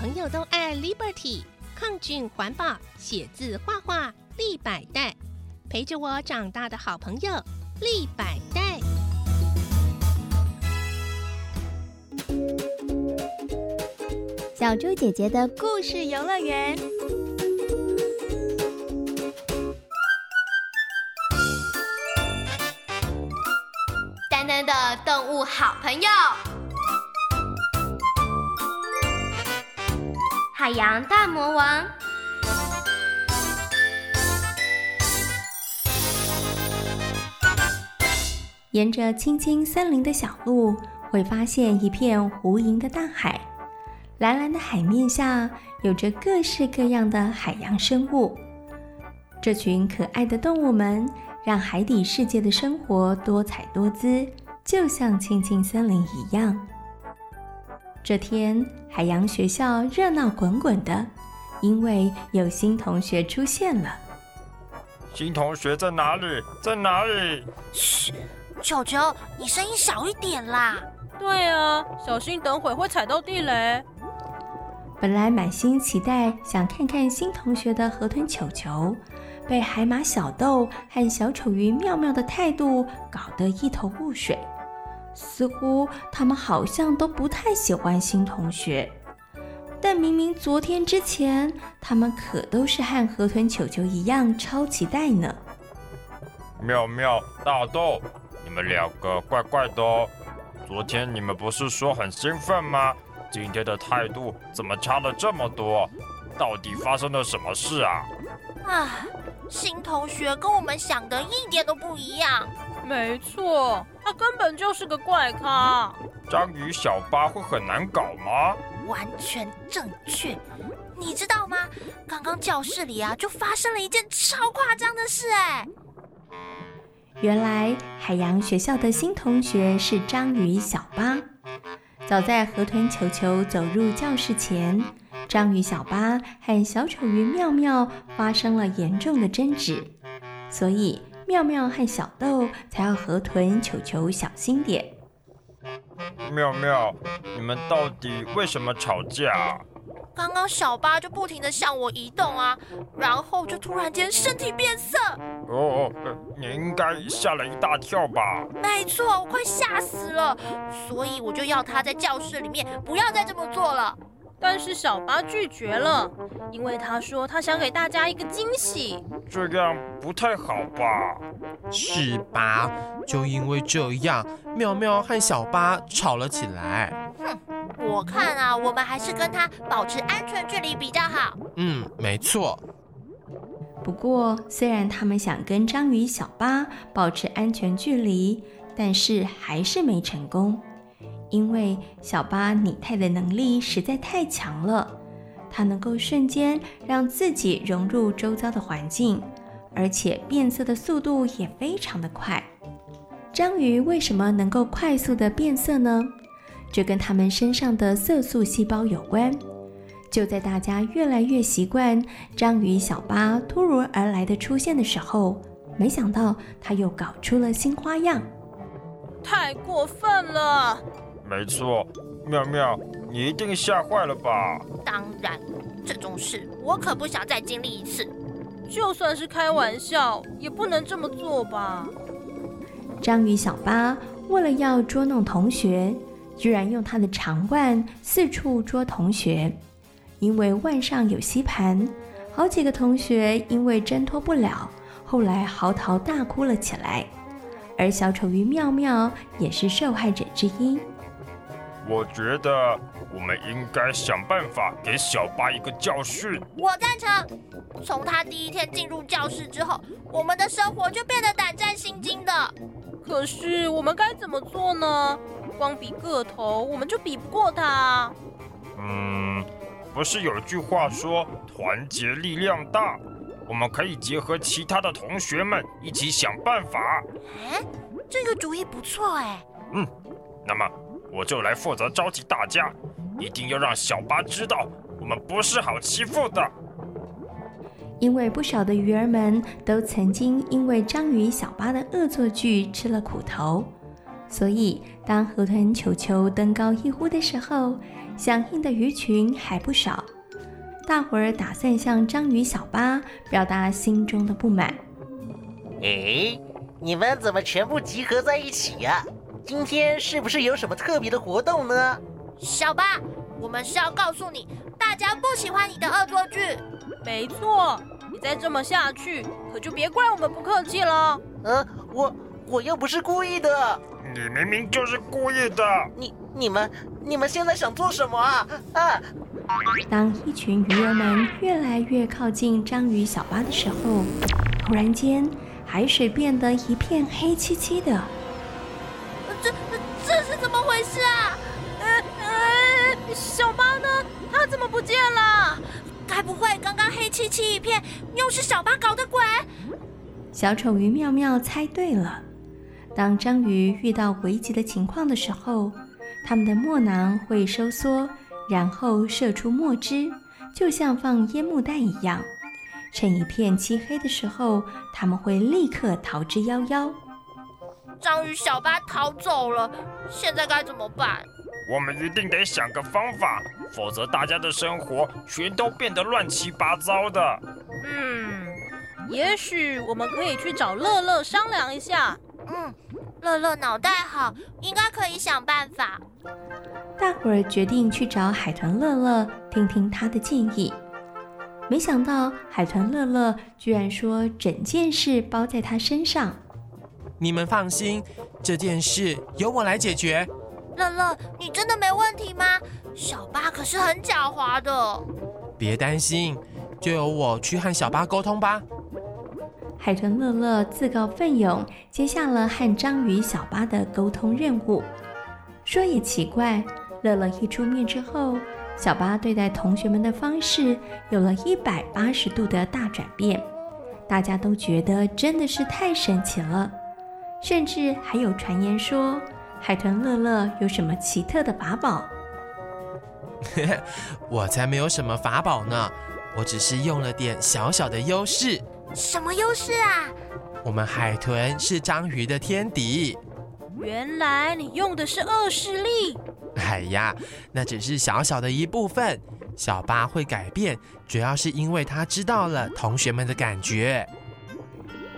朋友都愛 Liberty，抗菌環保，寫字畫畫，立百代，陪着我長大的好朋友，立百代。小豬姐姐的故事遊樂園，丹丹的動物好朋友。海洋大魔王。沿着青青森林的小路，會發現一片無垠的大海。藍藍的海面下，有着各式各樣的海洋生物。這群可愛的動物們，讓海底世界的生活多彩多姿，就像青青森林一樣。這天，海洋學校熱鬧滾滾的，因為有新同學出現了。「新同學在哪裡？在哪裡？噓，球球，你聲音小一點啦。對啊，小心等會會踩到地雷。本來滿心期待想看看新同學的河豚球球，被海馬小豆和小丑魚妙妙的態度搞得一頭霧水。似乎他們好像都不太喜歡新同學，但明明昨天之前，他們可都是和河豚球球一樣超期待呢。妙妙、小豆，你們兩個怪怪的哦。昨天你們不是說很興奮嗎？今天的態度怎麼差了這麼多？到底發生了什麼事啊？啊，新同學跟我們想的一點都不一樣。沒錯。根本就是個怪咖，章魚小巴會很難搞嗎？完全正確，你知道嗎？剛剛教室裡啊，就發生了一件超誇張的事哎！原來海洋學校的新同學是章魚小巴。早在河豚球球走入教室前，章魚小巴和小丑魚妙妙發生了嚴重的爭執，所以。妙妙和小豆才要河豚球球小心點。妙妙，你們到底為什麼吵架啊？剛剛小巴就不停地向我移動啊，然後就突然間身體變色。哦，呃，你應該嚇了一大跳吧？沒錯，我快嚇死了，所以我就要他在教室裡面不要再這麼做了。但是小巴拒絕了，因為他說他想給大家一個驚喜。這樣不太好吧？是吧？就因為這樣，妙妙和小巴吵了起來。哼，我看啊，我們還是跟他保持安全距離比較好。嗯，沒錯。不過，雖然他們想跟章魚小巴保持安全距離，但是還是沒成功。因為小巴擬態的能力實在太強了，它能夠瞬間讓自己融入周遭的環境，而且變色的速度也非常的快。章魚為什麼能夠快速的變色呢？這跟它們身上的色素細胞有關。就在大家越來越習慣章魚小巴突如而來的出現的時候，沒想到它又搞出了新花樣，太過分了！沒錯，妙妙，你一定嚇壞了吧？當然，這種事我可不想再經歷一次。就算是開玩笑，也不能這麼做吧？章魚小巴為了要捉弄同學，居然用他的長腕四處捉同學，因為腕上有吸盤，好幾個同學因為掙脫不了，後來嚎啕大哭了起來。而小丑魚妙妙也是受害者之一。我覺得我們應該想辦法給小巴一個教訓。我贊成。從他第一天進入教室之後，我們的生活就變得膽戰心驚的。可是我們該怎麼做呢？光比個頭，我們就比不過他。嗯，不是有句話說“團結力量大”，我們可以結合其他的同學們一起想辦法。啊，這個主意不錯哎、欸。嗯，那麼。我就來負責召集大家，一定要讓小巴知道，我們不是好欺負的。因為不少的魚兒們都曾經因為章魚小巴的惡作劇吃了苦頭，所以當河豚球球登高一呼的時候，響應的魚群還不少。大夥兒打算向章魚小巴表達心中的不滿。誒、哎，你們怎麼全部集合在一起呀？、啊？今天是不是有什麼特別的活動呢？小巴，我們是要告訴你，大家不喜歡你的惡作劇。沒錯，你再這麼下去，可就別怪我們不客氣了。嗯，我我又不是故意的，你明明就是故意的。你、你們、你們現在想做什麼啊？啊！當一群魚兒們越來越靠近章魚小巴的時候，突然間海水變得一片黑漆漆的。是啊，呃呃，小巴呢？他怎麼不見了？該不會剛剛黑漆漆一片，又是小巴搞的鬼？小丑魚妙妙猜對了。當章魚遇到危急的情況的時候，他們的墨囊會收縮，然後射出墨汁，就像放煙幕彈一樣。趁一片漆黑的時候，他們會立刻逃之夭夭。章魚小巴逃走了。現在該怎麼辦？我們一定得想個方法，否則大家的生活全都變得亂七八糟的。嗯，也許我們可以去找樂樂商量一下。嗯，樂樂腦袋好，應該可以想辦法。大夥兒決定去找海豚樂樂，聽聽他的建議。沒想到海豚樂樂居然說整件事包在他身上。你們放心，這件事由我來解決。樂樂，你真的沒問題嗎？小巴可是很狡猾的。別擔心，就由我去和小巴溝通吧。海豚樂樂自告奮勇接下了和章魚小巴的溝通任務。說也奇怪，樂樂一出面之後，小巴對待同學們的方式有了一百八十度的大轉變。大家都覺得真的是太神奇了。甚至還有傳言說，海豚樂樂有什麼奇特的法寶？ 我才沒有什麼法寶呢，我只是用了點小小的優勢。什麼優勢啊？我們海豚是章魚的天敵。原來你用的是惡勢力。哎呀，那只是小小的一部分。小巴會改變，主要是因為他知道了同學們的感覺。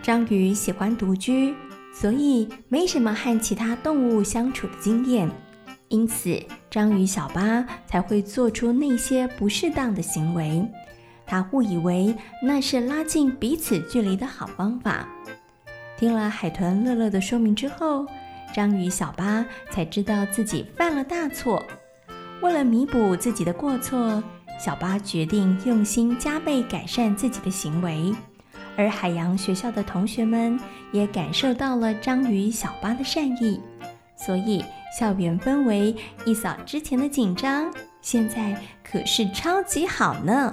章魚喜歡獨居。所以沒什麼和其他動物相處的經驗，因此章魚小巴才會做出那些不適當的行為。他誤以為那是拉近彼此距離的好方法。聽了海豚樂、樂樂的說明之後，章魚小巴才知道自己犯了大錯。為了彌補自己的過錯，小巴決定用心加倍改善自己的行為。而海洋學校的同學們也感受到了章魚小巴的善意，所以校園氛圍一掃之前的緊張，現在可是超級好呢。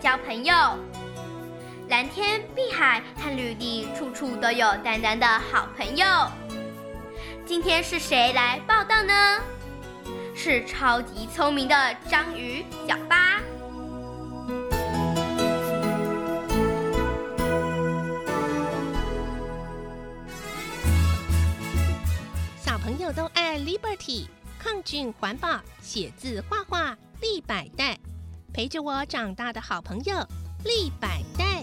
交朋友，藍天碧海和綠地，處處都有丹丹的好朋友。今天是誰來報到呢？是超級聰明的章魚小巴。小朋友都愛 Liberty，抗菌環保，寫字畫畫利百代。陪着我長大的好朋友，利百代。